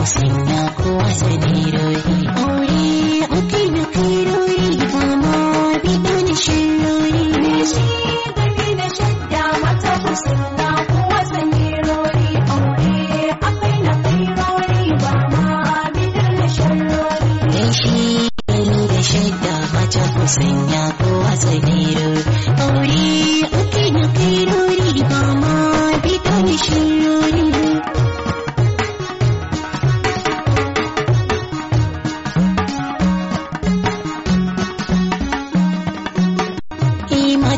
musanya kowa da nirohi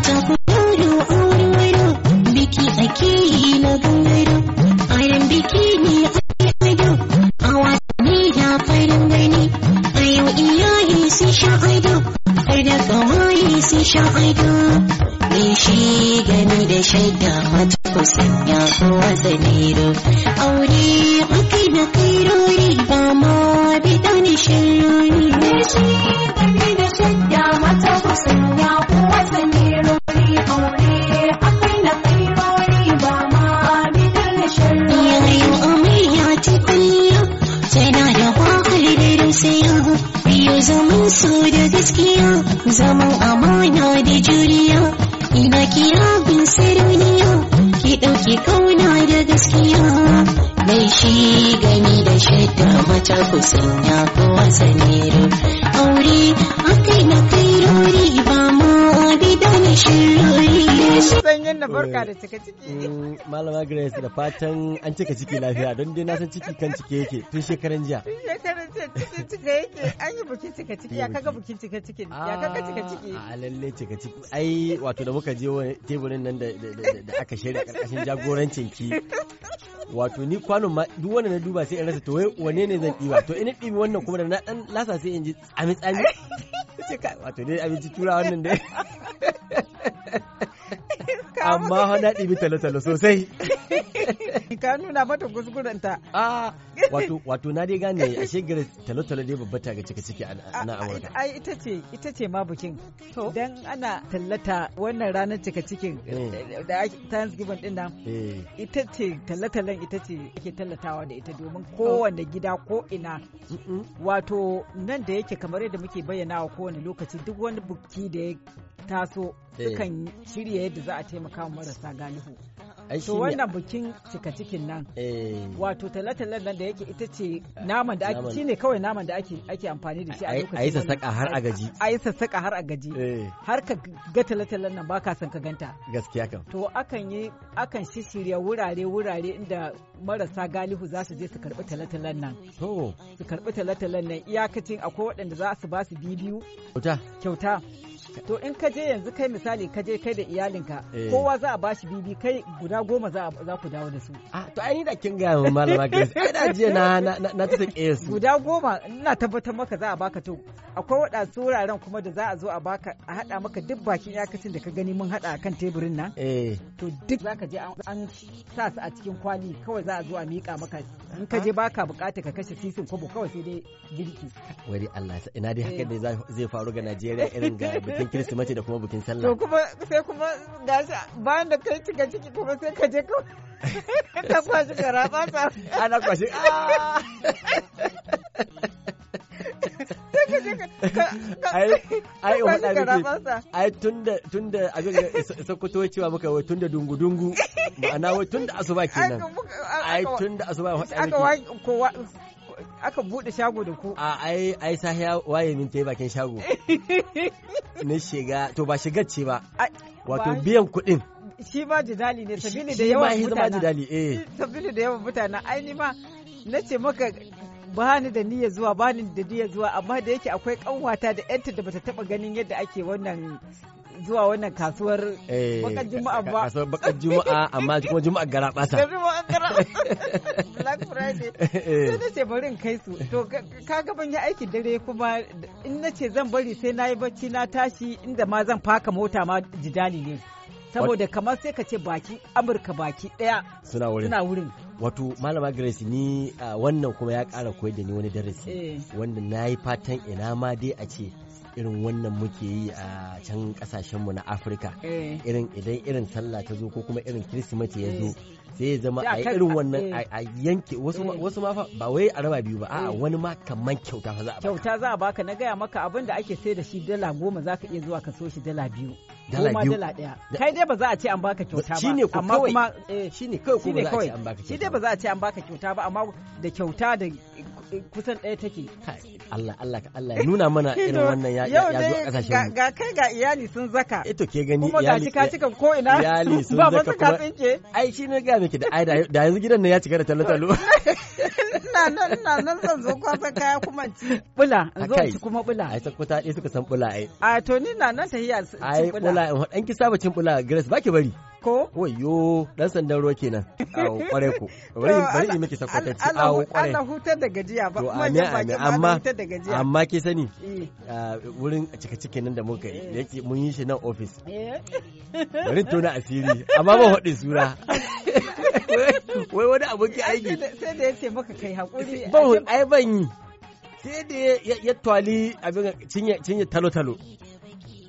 I'll biyo zaman so da gaskiya zaman amana da juriya ina kira bin seruniya ki ɗauki kauna da gaskiya mai shi gani da shaita mata ku sanya kowa sanero aure akai na kai Sanyin na barka da cika ciki. Eh, mm, Malama Grace da fatan an cika ciki lafiya don dai na san ciki kan ciki yake tun shekaran jiya. Tun shekaran jiya ciki cika yake an yi bukin cika ciki ya kaga bukin cika ciki ya kaga cika ah, ciki. A lalle cika ciki ai wato da muka je teburin nan da aka shirya karkashin jagorancin ki wato ni kwanon ma duk wanda na duba sai in rasa to wane ne zan ɗiba to ina ɗibi wannan kuma da na ɗan lasa sai in ji tsami tsami wato dai abinci tura wannan dai amma na ɗibi talo-talo sosai ka nuna mata kuskurenta ah, wato wato na dai gane a shigar talo-talo dai babba ta ga cika ciki na amurka ai ita ce ita ce ma bikin dan ana tallata wannan ranar cika cikin eh. da thanksgiving din nan eh. ita ce talo-talon ita ce ake tallatawa da ita domin oh. kowane gida ko ina wato nan da yake kamar yadda muke bayyana wa kowane lokaci duk wani buki da ya taso Eh. sukan shirya yadda za a taimaka marasa galihu to wannan bikin cika cikin nan eh. wato talatala nan da yake ita ce naman da ake shine kawai naman da ake amfani da shi a lokacin ayi sassaka har a gaji ayi sassaka har a gaji eh. har ka ga talatalan nan ka san ka ganta gaskiya kam to akan yi akan shirya wurare wurare inda marasa galihu za su je su karbi talatalan nan to su karbi talatalan nan iyakacin akwai waɗanda za su ba su bibiyu kyauta kyauta to in ka je yanzu kai misali ka je kai da iyalinka eh. kowa za a bashi bibi kai guda goma za ku dawo da su a ah, to ai ni da kin ga mun malama kai ina da jiya na na ta sake su guda goma ina tabbatar maka za a baka to akwai wada suraren kuma da za a zo a baka a hada maka duk bakin yakacin da ka gani mun hada akan teburin nan eh. to duk za ka je an sa su a cikin kwali kawai za a zo a mika maka in ka je ah. baka bukata ka kashe sisin kobo kawai sai dai girki wari Allah ina dai haka eh. dai zai faru ga Najeriya irin ga bikin kirsimati da kuma bikin sallah to kuma sai kuma gashi bayan da kai cika ciki kuma sai ka je ka ka kwashi ka raba ta ana ah, kwashi ah. ai ai tunda tunda a sokoto cewa muka wai tunda dungu dungu ma'ana wai tunda asuba kenan ai tunda asuba hada miki aka buɗe shago da ku a ai ai sahiya waye min tayi bakin shago na shiga to ba shigar ce ba wato biyan kuɗin shi ma jidali ne sabili da yawan mutane jidali eh sabili da yawan mutane ai ni ma nace maka ba ni da niyya zuwa ba ni da niyya zuwa amma da yake akwai kanwata da yanta da bata taba ganin yadda ake wannan zuwa wannan kasuwar eh, bakar juma'a ba kasuwar bakar juma'a amma kuma juma'a gara bata juma'a gara black friday sai na ce bari in kai su to ka ga ban yi aikin dare kuma in na ce zan bari sai na yi bacci na tashi inda ma zan faka mota ma jidali ne saboda kamar sai ka ce baki amurka baki daya suna wurin suna wurin wato malama grace ni wannan kuma ya kara koyar da ni wani darasi eh. wanda na yi fatan ina ma dai a ce irin wannan muke yi a can kasashenmu na afirka eh. irin idan irin sallah ta zo ko kuma irin kirsimati ya zo eh. sai ya zama a irin wannan eh. a yanke wasu ma fa ba wai a raba biyu ba a'a wani ma kamar kyauta fa za a baka kyauta za a baka na gaya maka abin da ake sai da shi dala goma za ka iya zuwa ka so shi dala biyu dala biyu dala ɗaya. kai dai ba za a ce an baka kyauta ba amma kuma ne kawai shi dai ba za a ce an baka kyauta ba amma da kyauta da kusan ɗaya take Allah Allah ka Allah nuna mana irin wannan ya zo zo kasashen ga kai ga iyali sun zaka ito ke gani iyali kuma ga cika ko ina iyali sun zaka ba ka tsinke ai shi ne ga miki da ai da yanzu gidan nan ya cika da talo talo ina nan ina nan zan zo kwasa kaya kuma ci bula zo ci kuma bula ai sako ta suka san bula ai a to ni na nan tahiya cin bula ai bula in dan ki saba cin bula Grace baki bari ko wayo ɗan sandan ruwa kenan au kware ku bari bari yi miki sakwatanci awo kware Allah hutar da gajiya ba manyan baki amma amma ke sani eh. wurin cika cike nan da muka yi yake mun yi shi nan office eh. bari tona asiri amma ba hadi sura wai wani abokin aiki sai da ya ce maka kai hakuri ban ai ban yi sai da ya twali abin cinye talo-talo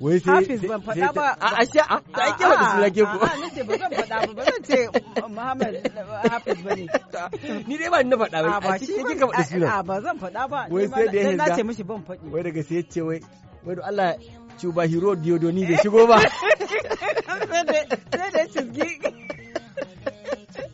wai sai hafiz ban faɗa ba a ashe a da ake wani su lage ku a nace ba zan faɗa ba ba zan ce muhammad eh, hafiz ba ne ni dai ba ni na faɗa ba a cikin kika faɗi sunan a ba zan faɗa ba wai sai da ya nace mishi ban faɗi wai daga sai ce wai wai Allah cuba hero diodoni bai shigo ba sai da da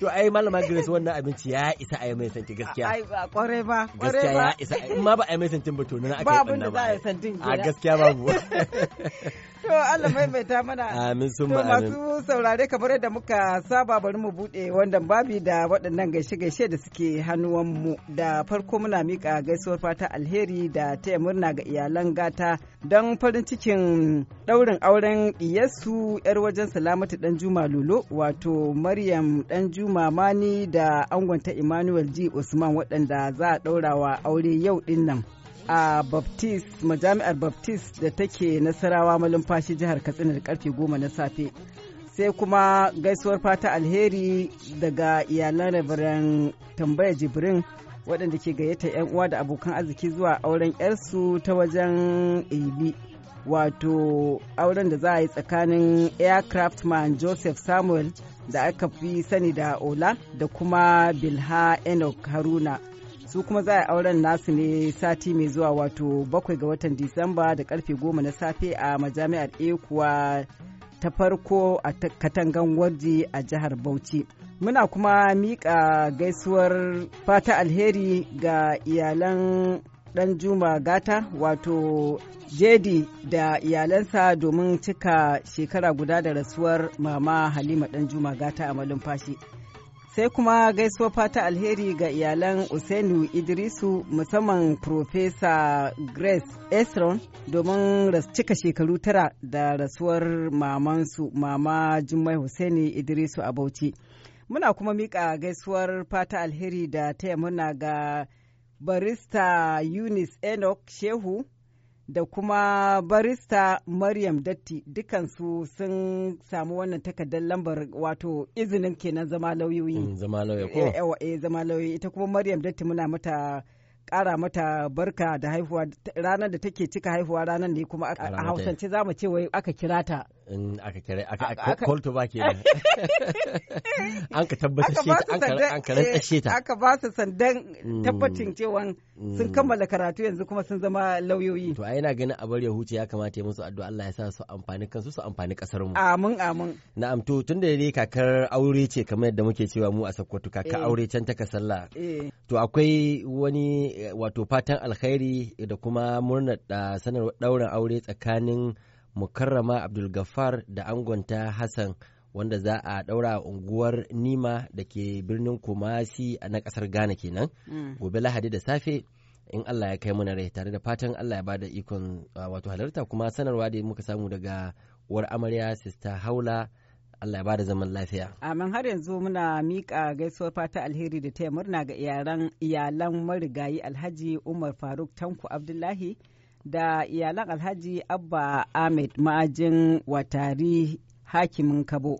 to ai malama Grace wannan abinci ya isa a yi mai santi gaskiya ai ba kware ba gaskiya ya isa in ma ba a yi mai santi ba to nan aka yi ba abin da za a yi santin a gaskiya babu to Allah maimaita mana amin sun ma amin masu saurare kamar yadda muka saba bari mu bude wannan babi da waɗannan gaishe-gaishe da suke hannuwan mu da farko muna mika gaisuwar fata alheri da taya murna ga iyalan gata don farin cikin daurin auren iyasu yar wajen salamatu dan juma lolo wato maryam dan juma rabiu mamani da angonta emmanuel g usman waɗanda za a ɗaura wa aure yau ɗin nan a baptist majami'ar baptist da take nasarawa malumfashi jihar katsina da karfe goma na safe sai kuma gaisuwar fata alheri daga iyalan rabaran tambaya jibrin waɗanda ke gayyata 'yan uwa da abokan arziki zuwa auren 'yarsu ta wajen ibi wato auren da za a yi tsakanin aircraft man joseph samuel da aka fi sani da ola da kuma bilha enoch haruna su kuma za a auren nasu ne sati mai zuwa wato bakwai ga watan disamba da karfe goma na safe a majami'ar ekuwa ta farko a katangan warji a jihar bauchi muna kuma miƙa gaisuwar fata alheri ga iyalan dan juma gata wato jedi da iyalansa domin cika shekara guda da rasuwar mama halima dan juma gata a malumfashi sai kuma gaisuwa fata alheri ga iyalan Usainu Idrisu musamman Profesa Grace Esron domin cika shekaru tara da rasuwar mamansu mama Jummai Hussaini Idrisu a Bauchi. Muna kuma miƙa gaisuwar fata alheri da taya muna ga barista Yunis Enoch Shehu da kuma barista Maryam Datti dukansu sun samu wannan takardar lambar wato izinin kenan zama lauyoyi. Mm, zama lauyoyi ko? Eh, eh zama lauyoyi ita kuma Maryam Datti muna mata kara mata barka da haihuwa ranar da take cika haihuwa ranar ne kuma a hausance za mu ce wai aka kira ta in aka kare aka call to ke nan. an ka tabbatar shi an ka rantsashe ta aka ba su sandan mm. tabbacin cewa sun mm. kammala karatu yanzu kuma sun zama lauyoyi to ai ina ganin a bar ya huce ya kamata ya musu addu'a Allah ya sa su amfani kansu su amfani kasar mu amin amin na'am to tunda dai kakar aure ce kamar yadda muke cewa mu a Sokoto kakar eh. aure can ta kasalla eh. to akwai wani eh, wato fatan alkhairi da kuma murnar ah, sanar daurin aure tsakanin mukarrama abdulgafar da angonta hassan wanda za a daura unguwar nima da ke birnin kumasi na kasar ghana kenan mm. gobe lahadi da safe in allah ya kai mana rai tare da fatan allah ya ba da ikon wato halarta kuma sanarwa da muka samu daga uwar amarya sista haula Allah ya ba da zaman lafiya. Amin har yanzu muna miƙa gaisuwar fata alheri da taya murna ga iyalan marigayi Alhaji Umar Faruk tanku Abdullahi da iyalan alhaji abba ahmed ma'ajin watari hakimin kabo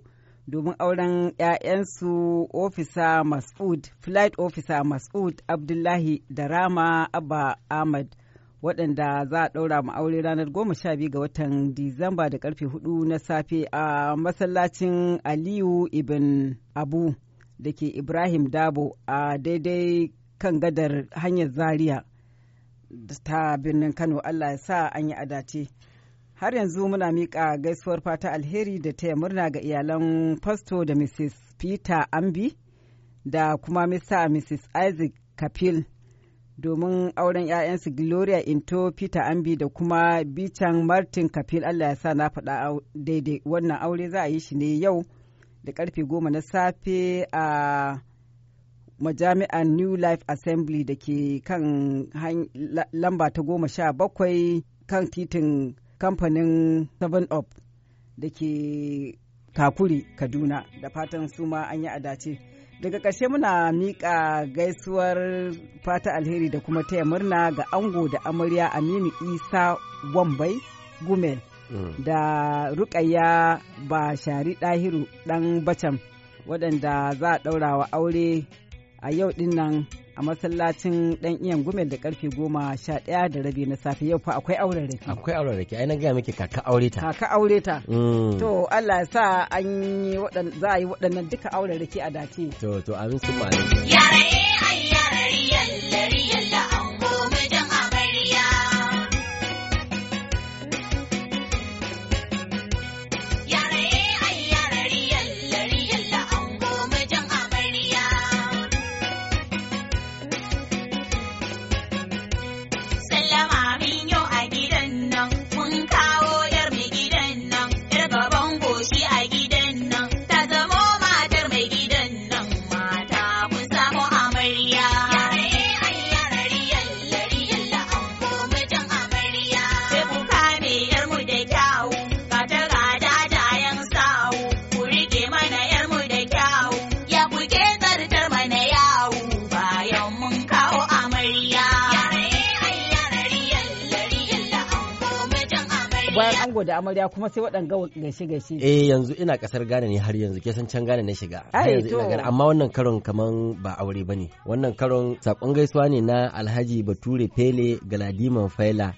domin auren 'ya'yansu ofisa mas'ud flight officer mas'ud abdullahi da rama abba ahmed waɗanda za a ɗaura mu aure ranar goma sha biyu ga watan disamba da karfe hudu na safe a masallacin aliyu ibn abu da ke ibrahim dabo a daidai kan gadar hanyar zaria ta birnin Kano Allah ya sa an yi adace. Har yanzu muna miƙa gaisuwar fata alheri da taya murna ga iyalan Fasto da Mrs. Peter Ambi da kuma Mr. Mrs. Isaac Kapil domin auren 'ya'yansu Gloria Into Peter Ambi da kuma Bichan Martin Kapil Allah ya sa na faɗa daidai wannan aure za a yi shi ne yau da karfe goma na safe a majami'an new life assembly da ke kan lamba ta goma sha bakwai kan titin kamfanin 7 up da ke kakuri kaduna da fatan su an yi adace daga ƙarshe muna miƙa gaisuwar fata alheri da kuma taya murna ga ango da amarya aminu isa wambai gumel mm. da rukayya ba shari ɗahiru ɗan bacam waɗanda za a ɗaura wa aure a yau din nan a masallacin dan iyan gumel da karfe goma sha ɗaya da rabi na safe yau fa akwai aure rake akwai aure rake ai na gaya miki kaka aure ta kaka aure ta mm. to Allah ya sa an yi za a yi waɗannan duka aure rake a dace to to amin su ma yare ai yare yallare amarya kuma sai waɗanga eh yanzu ina kasar Ghana ne har yanzu ke san can Ghana na shiga har yanzu ina amma wannan karon kaman ba aure ba ne wannan karon sakon gaisuwa ne na Alhaji Bature Pele Galadiman Faila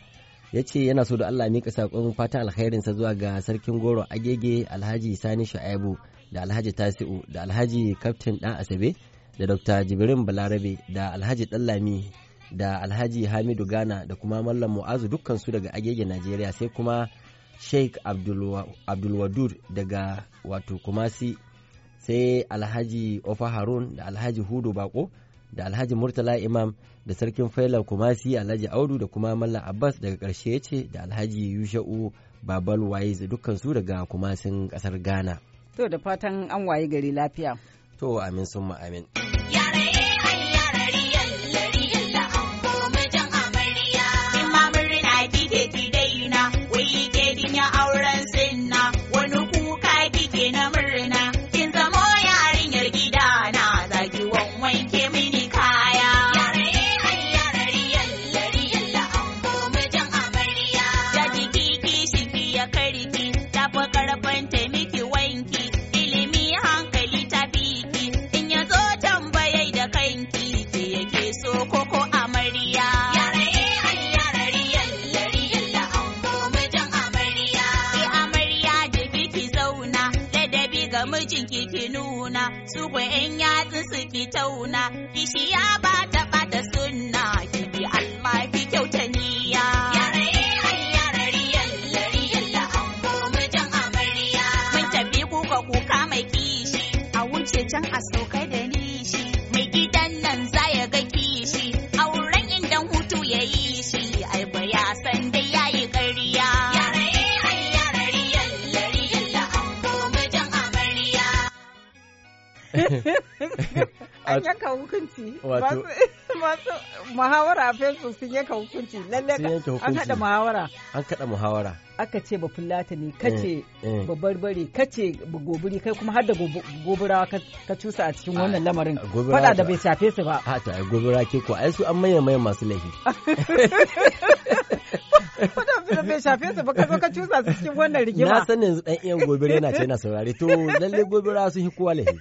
ya ce yana so da Allah mika sakon fatan alkhairinsa zuwa ga sarkin goro agege Alhaji Sani Shu'aibu da Alhaji Tasi'u da Alhaji Kaftin Dan Asabe da Dr. Jibrin Balarabe da Alhaji Dallami da Alhaji Hamidu Gana da kuma Mallam Mu'azu dukkan su daga agege Najeriya sai kuma sheikh abdulwadud daga wato kumasi sai alhaji ofa harun da alhaji hudu bako da alhaji murtala imam da sarkin failar kumasi alhaji audu da kuma malla abbas daga karshe ya ce da alhaji yusha'u babal waiz dukkansu daga kumasin kasar ghana to da fatan an waye gari lafiya to amin summa amin ki tauna, kishiya ba an yanka hukunci masu muhawara a facebook sun yanka hukunci lalle an kada muhawara an kada muhawara aka ce ba fulata ne kace eh, eh. ba barbare kace ba goburi kai kuma har da goburawa ka cusa a cikin wannan lamarin fada da bai shafe su ba a ta gobura ke ko ai su an maye maye masu laifi su bai shafe su ba ka zo ka cusa su cikin wannan rigima na san yanzu dan iyan gobira yana ce yana saurare to lalle gobira sun hi kowa lahi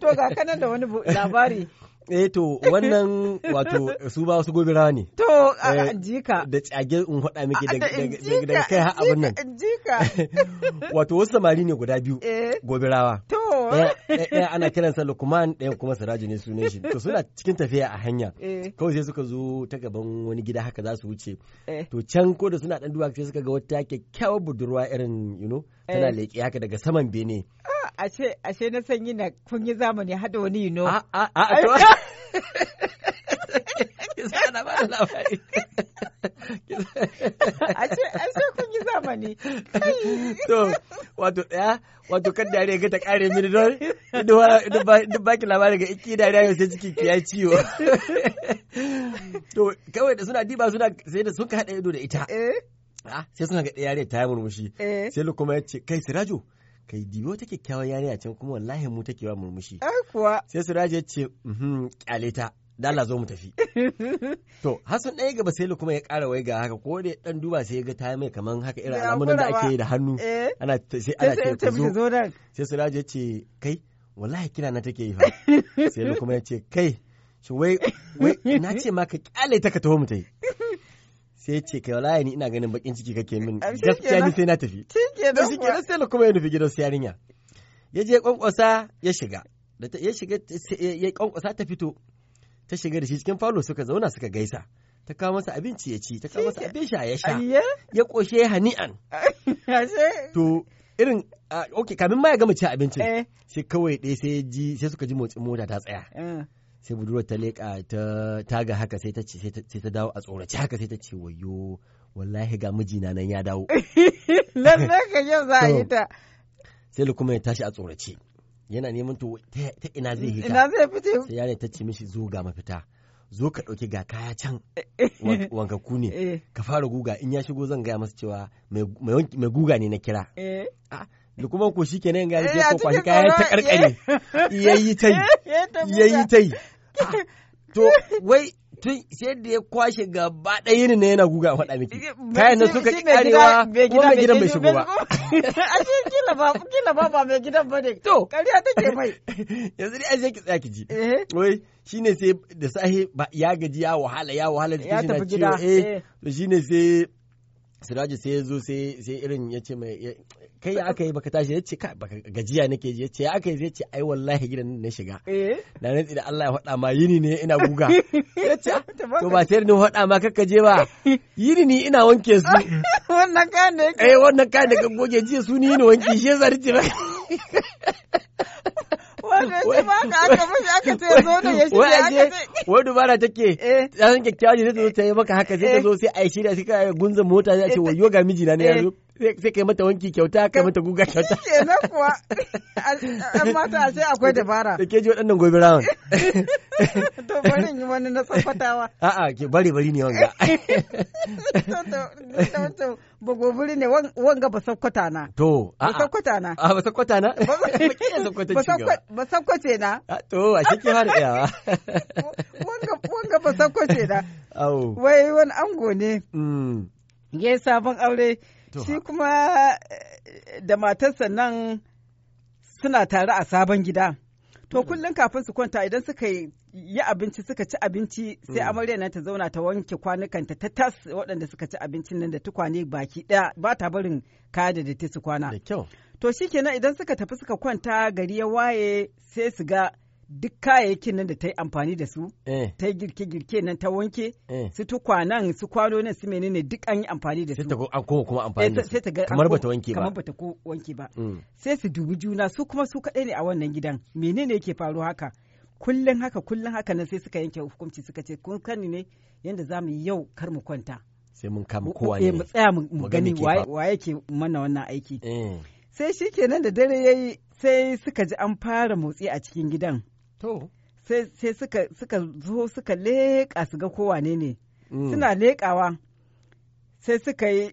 to ga kanan da wani labari eh to wannan wato su ba wasu gobira ne to eh, jika da tsage in faɗa miki daga kai har abin nan jika wato wasu samari ne guda biyu eh. gobirawa to ɗaya ana kiransa lukman ɗayan kuma siraji ne sunan shi to suna cikin tafiya a hanya eh. kawai sai suka zo ta gaban wani gida haka za su wuce eh. to can ko da suna ɗan duwa sai suka ga wata kyakkyawar budurwa irin you know tana eh. leƙe haka daga saman bene ah, ashe ashe na sanyi na kun yi zamani hada wani you know a a a Ashe, ashe sama ne. To, wato ɗaya, wato kan dariya ga ta ƙare mini don duk baki labarin ga iki dariya yau sai ciki kiya ciwo. To, kawai da suna diba suna sai da suka haɗa ido da ita. Eh? Ah, sai suna ga yare ta yi murmushi. Eh? Sai kuma ya ce, kai Sirajo, kai diwo ta kyakkyawan yare a can kuma wallahi mu ke wa murmushi. Ai kuwa. Sai Sirajo ya ce, kyale mm-hmm, ta. dala zo mu tafi to hasan ɗaya gaba sai kuma ya ƙara wai ga haka ko da ɗan duba sai ya ga ta mai kaman haka irin alamunan da ake yi da hannu eh. ana sai ana ce zo sai siraj ya ce kai wallahi kira na take yi fa sai kuma ya ce kai shi wai wai na ce ma ka ƙyale ta ka taho mu tai sai ce kai wallahi ni ina ganin bakin ciki kake min gaskiya ni sai na tafi shikenan shikenan sai kuma ya nufi gidan su yarinya ya je ƙwanƙwasa ya shiga da ya shiga ya ƙwanƙwasa ta fito ta shiga da shi cikin falo suka zauna suka gaisa ta kawo masa abinci ya ci ta kawo masa abin sha ya sha ya koshe hani'an to irin ok kamin ma ya gama ci abincin eh. sai kawai ɗaya sai ji sai suka ji motsin mota ta tsaya eh. sai budurwar ta leƙa ta taga haka sai ta ce sai ta dawo a tsorace haka sai ta ce wayo wallahi ga mijina nan ya dawo lallai ka yau za a yi ta sai lukuma ya tashi a tsorace yana neman to ta ina zai hita ina zai fita sai yare ta ce mishi zo ga mafita zo ka dauke ga kaya can eh, eh. Wankaku ne eh. ka fara guga in ya shigo zan gaya masa cewa mai guga ne na kira ah, kuma ko kenan ga ya kwashi kaya ta karkare yayi tai yayi tai to wai tun sai da ya kwashe gaba ɗaya yini ne yana guga faɗa miki kayan na suka ƙi karewa ko mai gidan bai shigo ba a ce kila ba kila ba ba mai gidan ba ne to kariya take mai yanzu dai aje ki tsaya ki ji eh. wai shine sai da sahi ya gaji ya wahala ya wahala jikin shi na ciwo eh, eh to shine sai Siraji sai ya zo sai irin ya ce mai kai ya aka yi baka tashi ya ce ka baka gajiya nake ji ya ce ya aka yi zai ce ai wallahi gidan na shiga eh? na nan da Allah ya faɗa ma yini ne ina guga ya ce to ba sai ne faɗa ma kakka je ba yini ni ina wanke su wannan kayan da eh wannan kayan da ka goge ji su ni ne wanke shi yasa ce ba wai dubara take ya eh. san kyakkyawa ne zai zo ta yi maka haka zai ta eh. zo sai a yi shirya sai ka gunzan mota zai ce wayo ga mijina ne yanzu sai kai mata wanki kyauta kai mata guga kyauta kenan kuwa an mata sai akwai dabara da ke ji waɗannan gobe rawan to in yi wani na tsafatawa a'a ke bari bari ne wanga to ba gobiri ne wanga ba sakkwata na to ba sakkwata na a ba sakkwata na ba sakkwace na to a shi ke har tsayawa wanga ba sakkwace na wai wani ango ne mm. ya yi sabon aure shi kuma eh, da matarsa nan suna tare a sabon gida to hmm. kullum kafin su kwanta idan suka yi abinci suka ci abinci sai hmm. amarya nan ta zauna ta wanke kwanukanta ta tas waɗanda suka ci abincin nan da tukwane baki ɗaya ba ta barin kaya da datti su kwana to shikenan idan suka tafi suka kwanta gari ya waye sai su ga duk kayayyakin nan da ta yi amfani da su eh. ta yi girke-girke nan ta wanke eh. su tukwanan su kwano nan su menene duk an yi amfani da eh, su sai ta ko kuma amfani da su kamar ba ta wanke ba kamar ta ko wanke ba mm. sai su dubi juna su kuma su kaɗai ne a wannan gidan menene yake faru haka kullum haka kullum haka nan sai suka yanke hukunci suka ce kun kani ne yanda za mu yi yau kar mu kwanta sai mun kama kowa ne mu tsaya mu gani wa yake mana wannan aiki sai shi kenan da dare yayi sai suka ji an fara motsi a cikin gidan To. Sai suka zo suka leƙa su ga kowane ne. Mm. Suna leƙawa sai suka yi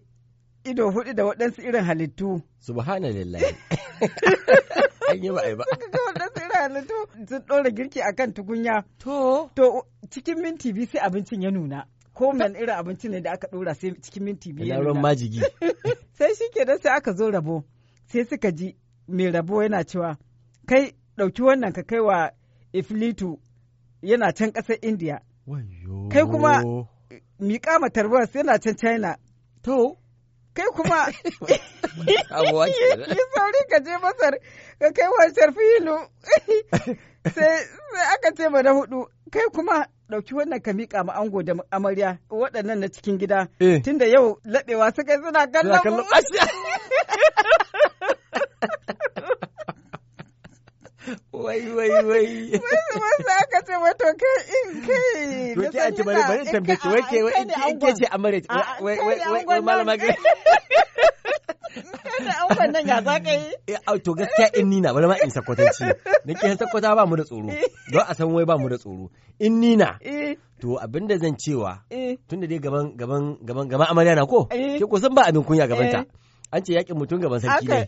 ido hudu da waɗansu irin halittu. Subhanallah. An yi ba ai ba. Suka waɗansu irin halittu sun ɗora girki a kan tukunya. To. To cikin minti biyu sai abincin ya nuna. Ko man irin abincin ne da aka ɗora sai cikin minti biyu ya nuna. Ina majigi. Sai shi da sai aka zo rabo. Sai suka ji mai rabo yana cewa kai ɗauki wannan ka kai wa iflitu yana can ƙasar indiya kai kuma miƙa matarbas yana can china to kai kuma yi sauri ka je masar ka kai wancan filu sai aka ce ma na hudu kai kuma ɗauki wannan ka miƙa ma ango da amarya waɗannan na cikin gida eh. tunda yau laɗewa suka suna kallon mu wai wai wai wasu aka ce to kai in kai To da a ce bari bari tambaye wai ke wai in ke ce amare wai wai wai malama ga da an nan ya za ka yi? Eh, to gaskiya in nina bari ma in sakwatanci. Da ke sakwata ba mu da tsoro. Eh. Don a san wai ba mu da tsoro. In nina. Eh. To abinda zan cewa tunda dai gaban gaban gaban gaban amarya ko? Ke ko san ba abin kunya gabanta. An ce yakin mutum gaban sarki ne.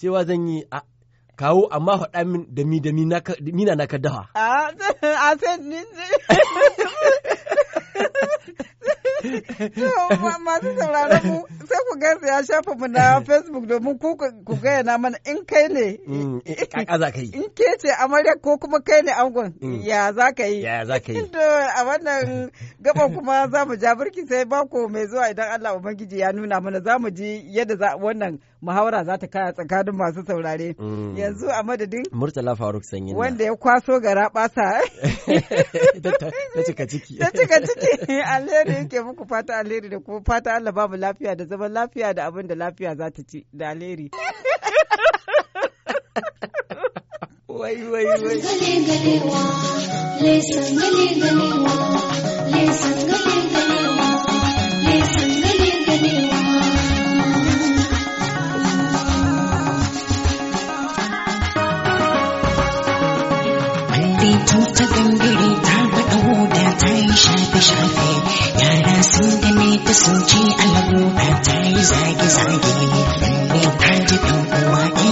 Cewa zan yi a kawo amma faɗa min da mi da mina na ka dafa. A sai masu sauraron mu sai ku gaisa ya shafa mu na Facebook domin ku ku gaya na mana in kai ne. Mm, za ka yi. In ke ce amarya ko kuma kai ne angon mm. ya za ka yi. Ya za ka yi. To a wannan gaban kuma za mu ja birki sai ba ku mai zuwa idan Allah Ubangiji ya nuna mana za mu ji yadda wannan muhawara za ta kaya tsakanin masu saurare. Yanzu a madadin. Murtala Faruk Sanyi. Wanda ya kwaso gara ɓasa. Ta cika ciki. Ta cika ciki. Alheri yake muku fata alheri da kuma fata Allah ba mu lafiya da zaman lafiya da abin da lafiya za ta ci da alheri. Wai wai wai. tun ta ta baɗa da ta yi shafe-shafe yara sun gane ta sun ce alamu ta yi zage-zage lalle ta ji ɗan uwa